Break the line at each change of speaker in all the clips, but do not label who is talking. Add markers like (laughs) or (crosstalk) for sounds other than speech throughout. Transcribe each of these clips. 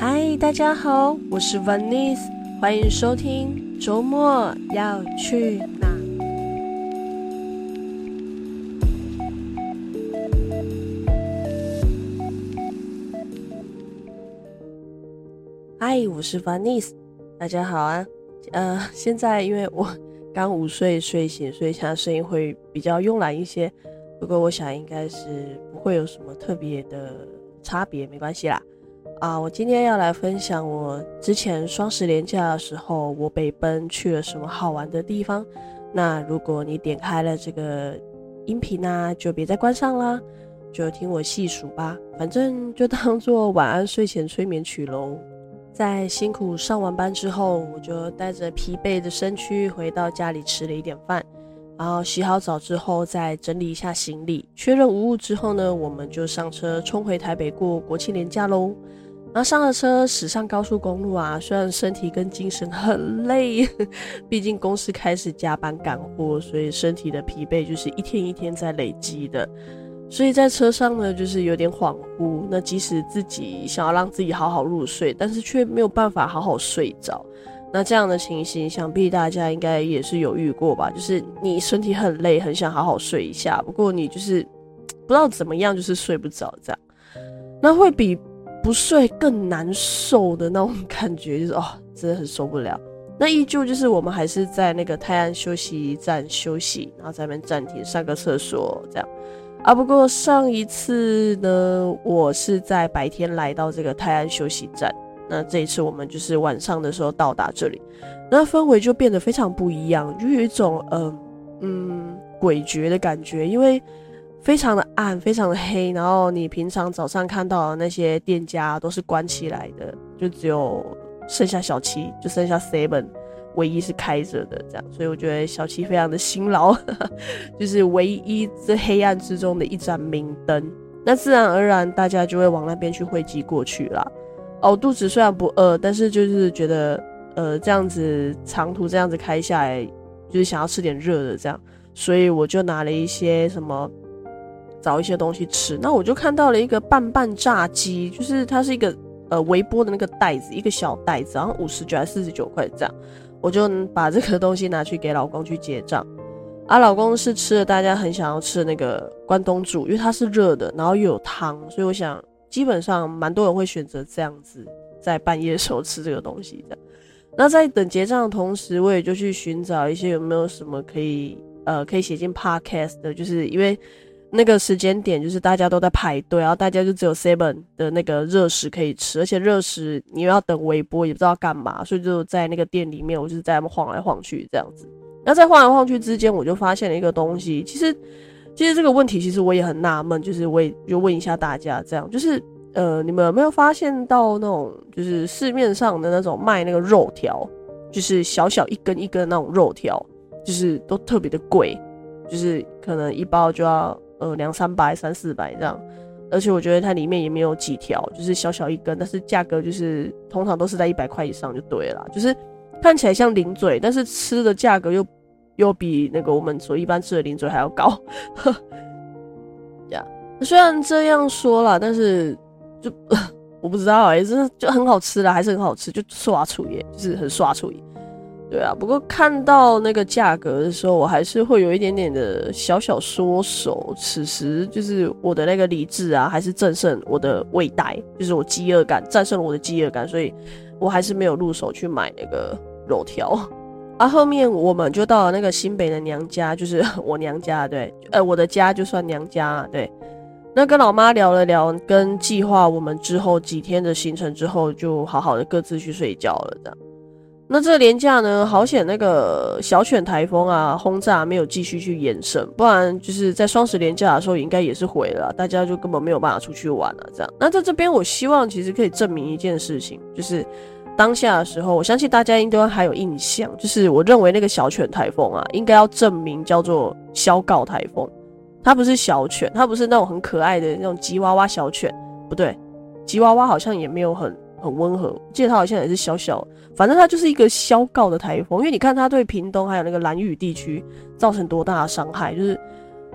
嗨，Hi, 大家好，我是 Vanice，歡迎收聽周末要去哪？嗨，我是 Vanice，大家好啊。呃，現在因為我剛午睡睡醒，所以現在聲音會比較慵懶一些。不過我想應該是不會有什麼特別的差別，沒關係啦。啊，我今天要來分享我之前雙十連假的時候，我北奔去了什麼好玩的地方。那如果你點開了這個音頻呢、啊，就別再關上啦，就聽我細數吧。反正就當做晚安睡前催眠曲嘍。在辛苦上完班之後，我就帶着疲憊的身軀回到家裡吃了一點飯，然後洗好澡之後再整理一下行李，確認無誤之後呢，我們就上車衝回台北過國慶連假嘍。然後上了車，駛上高速公路啊。雖然身體跟精神很累，畢竟公司開始加班趕貨，所以身體的疲憊就是一天一天在累積的。所以在車上呢，就是有點恍惚。那即使自己想要讓自己好好入睡，但是卻沒有辦法好好睡着。那這樣的情形，想必大家應該也是有遇過吧？就是你身體很累，很想好好睡一下，不過你就是不知道怎麼樣，就是睡不着這樣。那會比。不睡更難受的那種感覺，就是哦，真的很受不了。那依舊就是我們還是在那個泰安休息站休息，然後在那邊暫停上個廁所這樣。啊，不過上一次呢，我是在白天來到這個泰安休息站，那這一次我們就是晚上的時候到達這裡，那氛圍就變得非常不一樣，就有一種、呃、嗯嗯詭譎的感覺，因為。非常的暗，非常的黑，然後你平常早上看到的那些店家都是關起來的，就只有剩下小七，就剩下 Seven，唯一是開着的這樣，所以我覺得小七非常的辛勞， (laughs) 就是唯一這黑暗之中的一盞明燈。那自然而然大家就會往那邊去匯集過去啦。哦，肚子雖然不餓，但是就是覺得呃這樣子長途這樣子開下來，就是想要吃點熱的這樣，所以我就拿了一些什麼。找一些東西吃，那我就看到了一個半半炸雞，就是它是一個呃微波的那個袋子，一個小袋子，好像五十九還四十九塊這樣，我就把這個東西拿去給老公去結賬。啊，老公是吃了大家很想要吃的那個關東煮，因為它是熱的，然後又有湯，所以我想基本上蠻多人會選擇這樣子在半夜的時候吃這個東西這樣，那在等結賬的同時，我也就去尋找一些有沒有什麼可以呃可以寫進 podcast 的，就是因為。那個時間點就是大家都在排隊，然後大家就只有 seven 的那個熱食可以吃，而且熱食你又要等微波，也不知道幹嘛，所以就在那個店裡面，我就是在他們晃來晃去這樣子。那在晃來晃去之間，我就發現了一個東西。其實，其實這個問題其實我也很納悶，就是我也就問一下大家，這樣就是呃，你們有沒有發現到那種就是市面上的那種賣那個肉條，就是小小一根一根的那種肉條，就是都特別的貴，就是可能一包就要，呃，兩三百、三四百這樣，而且我覺得它裡面也沒有幾條，就是小小一根，但是價格就是通常都是在一百塊以上就對了啦。就是看起來像零嘴，但是吃的價格又又比那個我們所一般吃的零嘴還要高。這 (laughs) 樣、yeah。雖然這樣說啦，但是就我不知道哎、欸，這就很好吃啦還是很好吃，就刷醋耶，就是很刷醋耶。對啊，不過看到那個價格的時候，我還是會有一點點的小小縮手。此時就是我的那個理智啊，還是戰勝我的胃袋，就是我飢餓感戰勝了我的飢餓感，所以我還是沒有入手去買那個肉條。而、啊、後面我們就到了那個新北的娘家，就是我娘家，對，呃，我的家就算娘家，對。那跟老媽聊了聊，跟計劃我們之後幾天的行程之後，就好好的各自去睡覺了這樣。對。那這個連假呢，好險，那個小犬台風啊轟炸沒有繼續去延伸，不然就是在雙十連假的時候應該也是毀了，大家就根本沒有辦法出去玩了啊，這樣，那在這邊我希望其實可以證明一件事情，就是當下的時候，我相信大家應該還有印象，就是我認為那個小犬台風啊，應該要正名叫做小狗台風，它不是小犬，它不是那種很可愛的那種吉娃娃小犬，不對，吉娃娃好像也沒有很。很溫和，記得它好像也是小小，反正它就是一個小高的颱風，因為你看它對屏東還有那個蘭嶼地區造成多大的傷害，就是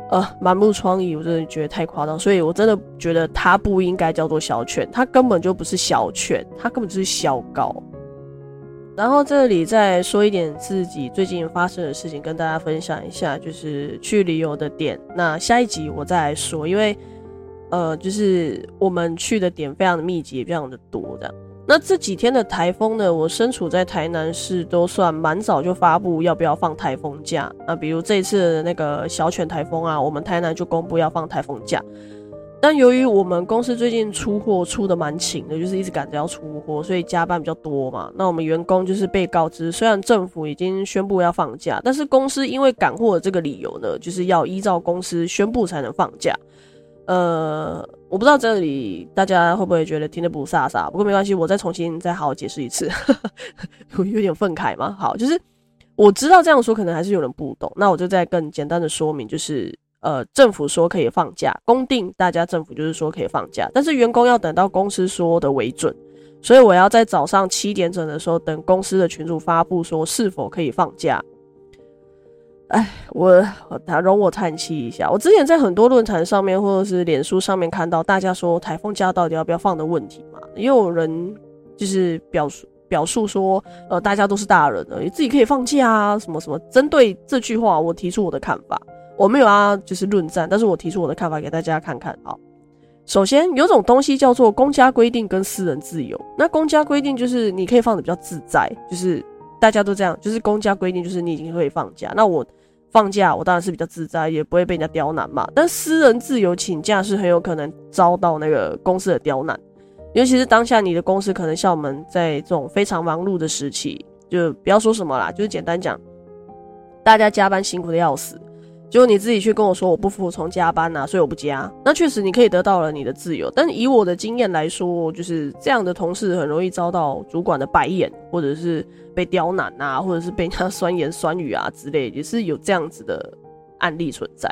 呃滿目瘡痍，我真的覺得太誇張，所以我真的覺得它不應該叫做小犬，它根本就不是小犬，它根本就是小高。然後這裡再說一點自己最近發生的事情跟大家分享一下，就是去旅遊的點，那下一集我再來說，因為。呃，就是我們去的點非常的密集，也非常的多的。那這幾天的台風呢，我身處在台南市，都算蠻早就發布要不要放台風假啊。比如這次的那個小犬台風啊，我們台南就公布要放台風假。但由於我們公司最近出貨出得蠻勤的，就是一直趕着要出貨，所以加班比較多嘛。那我們員工就是被告知，雖然政府已經宣布要放假，但是公司因為趕貨的這個理由呢，就是要依照公司宣布才能放假。呃，我不知道這裡大家會不會覺得聽得不颯颯，不過沒關係，我再重新再好好解釋一次。哈哈，我有點憤慨嗎？好，就是我知道這樣說可能還是有人不懂，那我就再更簡單的說明，就是呃，政府說可以放假，公定大家政府就是說可以放假，但是員工要等到公司說的為準，所以我要在早上七點整的時候等公司的群主發布說是否可以放假。哎，我他容我，我嘆氣一下。我之前在很多論壇上面，或者是臉書上面看到大家說台風假到底要不要放的問題嘛，也有人就是表述表述說，呃，大家都是大人了，你自己可以放假啊，什麼什麼。針對這句話，我提出我的看法，我沒有啊，就是論戰，但是我提出我的看法給大家看看啊。首先，有種東西叫做公家規定跟私人自由，那公家規定就是你可以放得比較自在，就是。大家都這樣，就是公家規定，就是你已經可以放假。那我放假，我當然是比較自在，也不會被人家刁難嘛。但私人自由請假是很有可能遭到那個公司的刁難，尤其是當下你的公司可能像我們在這種非常忙碌的時期，就不要說什麼啦，就是簡單講，大家加班辛苦的要死。就你自己去跟我說我不服從加班吶、啊，所以我不加。那確實你可以得到了你的自由，但以我的經驗來說，就是這樣的同事很容易遭到主管的白眼，或者是被刁難啊，或者是被人家酸言酸語啊之類，也是有這樣子的案例存在。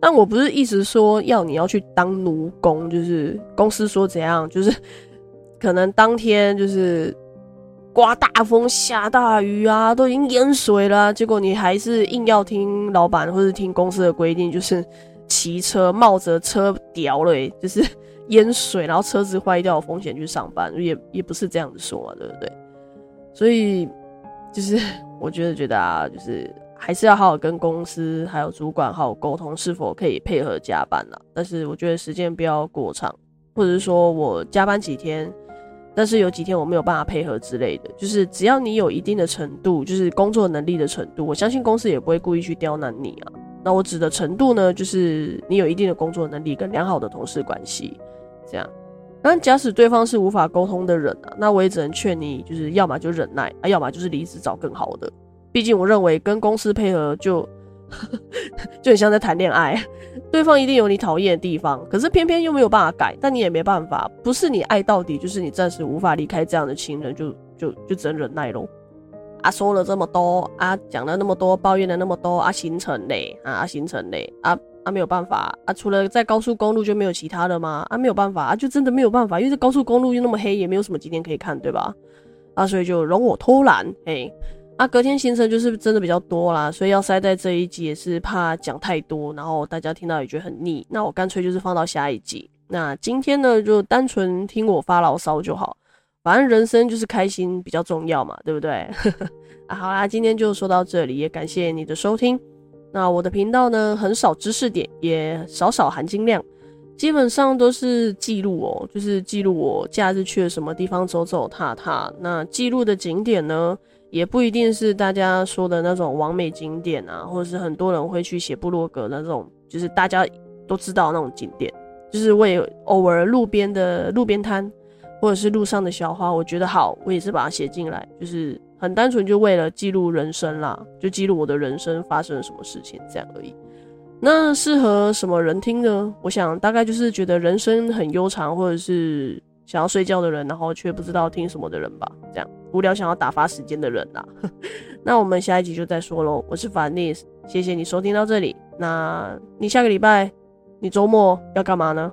但我不是一直說要你要去當奴工，就是公司說怎樣，就是可能當天就是。刮大風下大雨啊，都已經淹水了啊，結果你還是硬要聽老闆或是聽公司的規定，就是騎車冒着車屌了，就是淹水，然後車子壞掉的風險去上班，也也不是這樣子說嘛，對不對？所以就是我覺得覺得啊，就是還是要好好跟公司還有主管好好溝通，是否可以配合加班啦。但是我覺得時間不要過長，或者是說我加班幾天。但是有幾天我沒有辦法配合之類的，就是只要你有一定的程度，就是工作能力的程度，我相信公司也不會故意去刁難你啊。那我指的程度呢，就是你有一定的工作能力跟良好的同事關係，這樣。但假使對方是無法溝通的人啊，那我也只能勸你，就是要麼就忍耐，啊，要麼就是離職找更好的。畢竟我認為跟公司配合就。 (laughs) 就很像在談戀愛， (laughs) 對方一定有你討厭的地方，可是偏偏又沒有辦法改，但你也沒辦法，不是你愛到底，就是你暫時無法離開這樣的情人，就就就只能忍耐咯。啊，說了這麼多，啊，講了那麼多，抱怨了那麼多，啊，行程嘞、啊，啊，行程嘞，啊啊沒有辦法，啊，除了在高速公路就沒有其他的嗎？啊，沒有辦法，啊，就真的沒有辦法，因為這高速公路又那麼黑，也沒有什麼景點可以看，對吧？啊，所以就容我偷懶，嘿。啊，隔天行程就是真的比較多啦。所以要塞在這一集也是怕講太多，然後大家聽到也覺得很膩。那我乾脆就是放到下一集。那今天呢，就單純聽我發牢騷就好，反正人生就是開心比較重要嘛，對不對？呵呵， (laughs) 啊，好啦，今天就說到這裡，也感謝你的收聽。那我的頻道呢，很少知識點，也少少含金量，基本上都是記錄哦，就是記錄我假日去了什麼地方走走踏踏。那記錄的景點呢？也不一定是大家說的那種網美景點啊，或者是很多人會去寫部落格那種，就是大家都知道那種景點。就是我也偶爾路邊的路邊攤，或者是路上的小花，我覺得好，我也是把它寫進來，就是很單純就為了記錄人生啦，就記錄我的人生發生了什麼事情這樣而已。那適合什麼人聽呢？我想大概就是覺得人生很悠長，或者是想要睡覺的人，然後卻不知道聽什麼的人吧，這樣。無聊想要打發時間的人吶、啊， (laughs) 那我們下一集就再說嘍。我是凡尼斯，謝謝你收聽到這裡。那你下個禮拜，你周末要幹嘛呢？